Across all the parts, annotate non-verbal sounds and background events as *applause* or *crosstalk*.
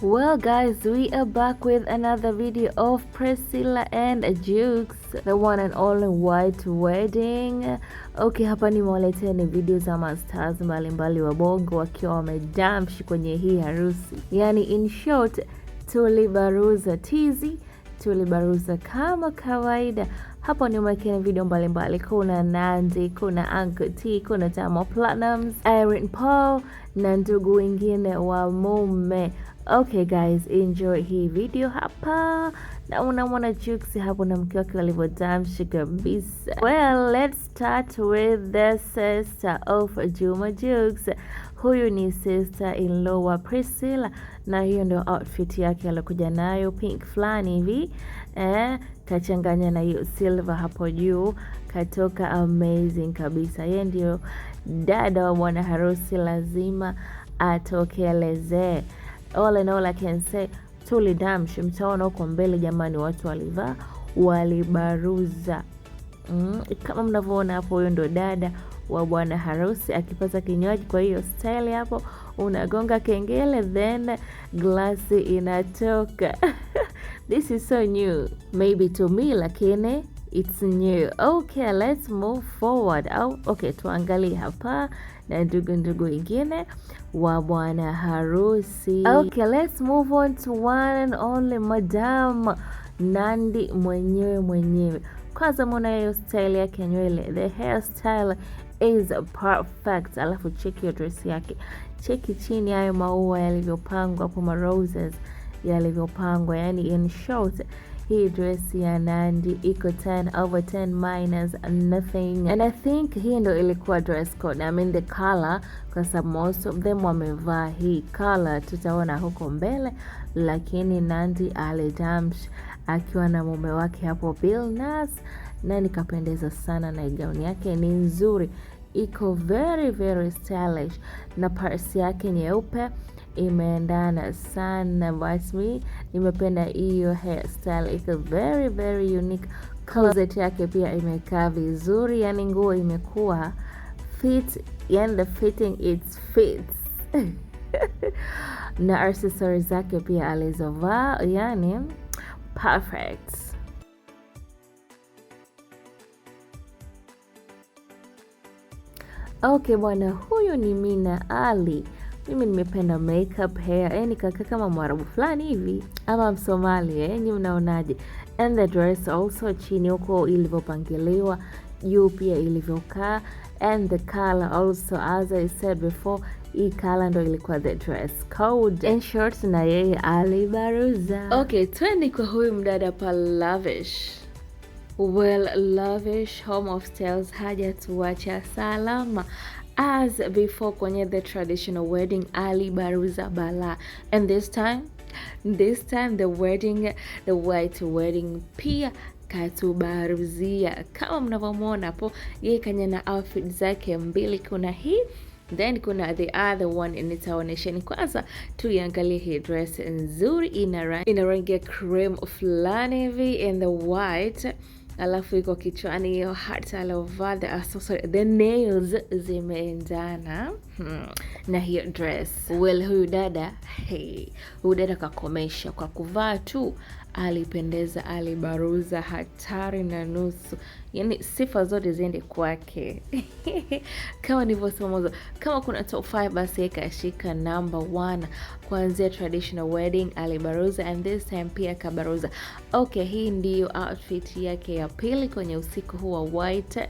Well guys, we are back with another video of Priscilla and Jukes, the one and only white wedding. Okay, hapa ni video za mastars mbalimbali wa bongo wakiwa wamedamshi kwenye hii harusi. Yani in short, tulibaruza tizi, tulibaruza kama kawaida. Hapo nimewekeni video mbalimbali mbali. Kuna Nandi, kuna Uncle T, kuna Diamond Platnumz, Irene Paul na ndugu wengine wa mume. Okay guys, enjoy hii video hapa, na unamwona Jux hapo na mke wake walivyodamshi kabisa. Well, let's start with the sister of Juma Jux. Huyu ni sister in law wa Priscilla, na hiyo ndio outfit yake aliokuja nayo, pink flani hivi eh, kachanganya na hiyo silver hapo juu, katoka amazing kabisa. Yeye ndio dada wa bwana harusi lazima atokelezee. All in all I can say tulidamshi, mtaona huko mbele jamani, watu walivaa walibaruza. Mm, kama mnavyoona hapo, huyo ndo dada wa bwana harusi akipata kinywaji. Kwa hiyo stli hapo, unagonga kengele then glasi inatoka. *laughs* This is so new maybe to me, lakini It's new. Okay, let's move forward. Au okay, tuangalie hapa na ndugu ndugu wengine wa bwana harusi. Okay, let's move on to one and only Madam Nandi mwenyewe mwenyewe. Kwanza muona hiyo style yake nywele, the hairstyle is perfect. Alafu cheki hiyo dress yake, cheki chini hayo maua yalivyopangwa hapo, maroses yalivyopangwa, yani in short hii dress ya Nandi iko 10 over 10 minus nothing, and I think hii ndo ilikuwa dress code, I mean the color, kwa sababu most of them wamevaa hii color, tutaona huko mbele. Lakini Nandi alidamsh akiwa na mume wake hapo Billnass, na nikapendeza sana, na gauni yake ni nzuri, iko very very stylish, na parsi yake nyeupe imeendana sana basmi. Nimependa hiyo hairstyle, iko very very unique. Closet yake pia imekaa vizuri, yani nguo imekuwa fit, yani the fitting it's fits *laughs* na accessories zake pia alizovaa yani perfect. Okay bwana, huyu ni Mina Ali mimi nimependa makeup hair, yani nikaka kama mwarabu fulani hivi ama Msomali eh, nyi yaani mnaonaje? And the dress also, chini huko ilivyopangiliwa, juu pia ilivyokaa, and the color also, as I said before, hii kala ndo ilikuwa the dress code and shorts, na yeye alibaruza. Okay, twende kwa huyu mdada pa Lavish. Well, Lavish Home of Styles hajatuacha salama as before kwenye the traditional wedding alibaruza bala and this time this time the wedding the white wedding pia katubaruzia kama mnavyomwona hapo, yeye kanya na outfit zake mbili, kuna hii then kuna the other one. Nitaonyesheni kwanza, tuiangalie hii dress nzuri, ina rangi ya cream fulani hivi and the white alafu iko kichwani hiyo hearts uh, the nails zimeendana hmm, na hiyo dress. Well, huyu dada hey, huyu dada kakomesha kwa kuvaa tu alipendeza, alibaruza, hatari na nusu, yani sifa zote ziende kwake. *laughs* Kama nilivyosema mwanzo, kama kuna top 5 basi ikashika number 1 kuanzia traditional wedding alibaruza, and this time pia akabaruza. Okay, hii ndiyo outfit yake ya pili kwenye usiku huu wa white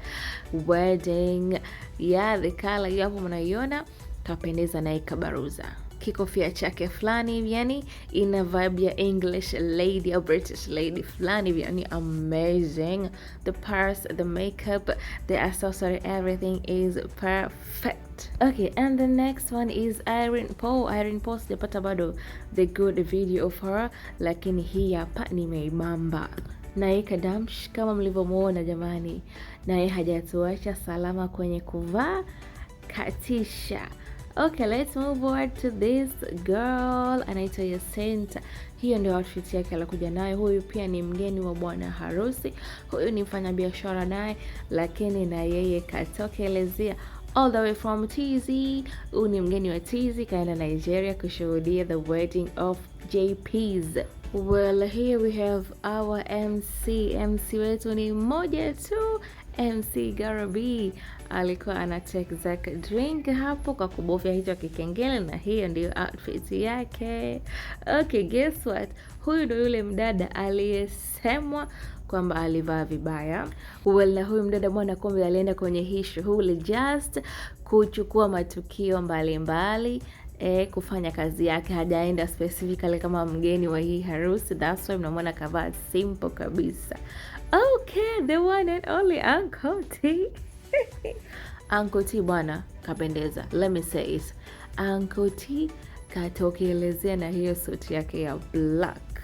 wedding. Yeah, the color hapo mnaiona, kapendeza naye kabaruza kikofia chake fulani hivi, yani ina vibe ya English lady au British lady fulani hivi, yani amazing. The purse, the makeup, the accessory, everything is perfect. Okay, and the next one is Irene Paul. Irene Paul sijapata bado the good video of her, lakini hii hapa nimeibamba naye Kadamsh kama mlivyomwona jamani, naye hajatuacha salama kwenye kuvaa katisha Okay, let's move on to this girl anaitwa Yacenta. Hiyo ndio outfit yake alikuja nayo. Huyu pia ni mgeni wa bwana harusi, huyu ni mfanyabiashara naye, lakini na yeye katokelezea all the way from TZ. Huyu ni mgeni wa TZ, kaenda Nigeria kushuhudia the wedding of JP's. Well, here we have our MC. MC wetu ni mmoja tu, MC Garabi alikuwa ana take zake drink hapo kwa kubofya hicho kikengele, na hiyo ndiyo outfit yake. Okay, guess what? Huyu ndo yule mdada aliyesemwa kwamba alivaa vibaya. Well, na huyu mdada bwana, kombe alienda kwenye hii shughuli just kuchukua matukio mbalimbali mbali. Eh, e, kufanya kazi yake, hajaenda specifically kama mgeni wa hii harusi. That's why mnamwona kavaa simple kabisa. Okay, the one and only Uncle T *laughs* Uncle T bwana kapendeza, let me say it. Uncle T katokelezea na hiyo suti yake ya black,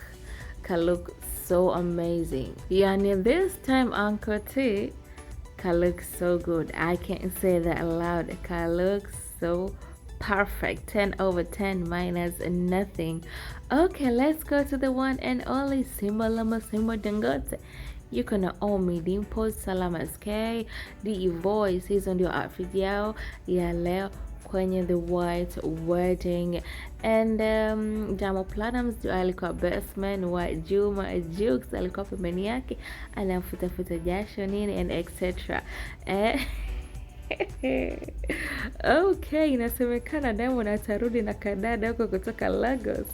ka look so amazing. Yani this time Uncle T ka look so good. I can not say that aloud. Ka look so perfect 10 over 10 minus nothing okay let's go to the one and only simba lama simba dangote You can Naomi, Dimples, Salama SK, D Voice. Hizo ndio outfit yao ya leo kwenye the white wedding and um, platams ndio alikuwa best wa Juma jukes alikuwa pembeni yake anafutafuta jasho nini and etc eh *laughs* Okay, inasemekana Diamond atarudi na kadada huko kutoka Lagos,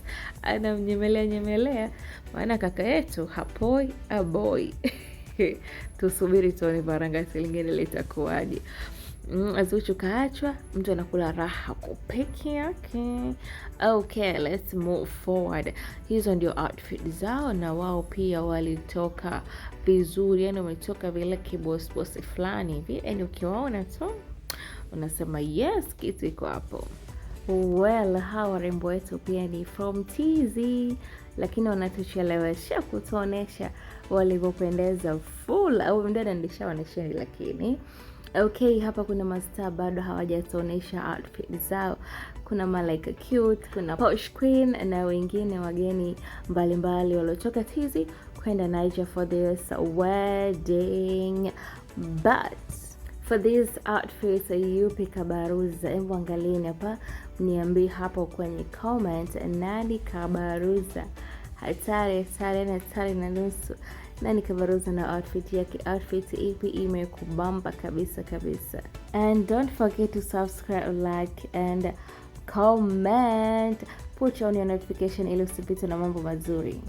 anamnyemelea nyemelea, maana kaka yetu hapoi aboi. *laughs* Tusubiri tuone baranga lingine litakuwaje. Mm, azuchu kaachwa, mtu anakula raha kwa peke yake. Okay, let's move forward. Hizo ndio outfit zao, na wao pia walitoka vizuri, yani wametoka vile kibosbosi fulani hivi, yani ukiwaona tu unasema yes, kitu iko hapo. Well, hawa warembo wetu pia ni from TZ, lakini wanatuchelewesha kutuonesha walivyopendeza full. Au mdada ndishaonesha, lakini Okay, hapa kuna mastaa bado hawajatuonesha outfit zao. Kuna Malaika Cute, kuna Posh Queen na wengine wageni mbalimbali waliotoka Tizi kwenda Niger for this wedding. But for this outfit yupi kabaruza? Hebu angalieni hapa, niambie hapo kwenye comment nani kabaruza hatari hatari na hatari na nusu na nikavaruza na outfit yake. Outfit ipi imekubamba kabisa kabisa? And don't forget to subscribe, like and comment, put on your notification ili usipitwe na mambo mazuri.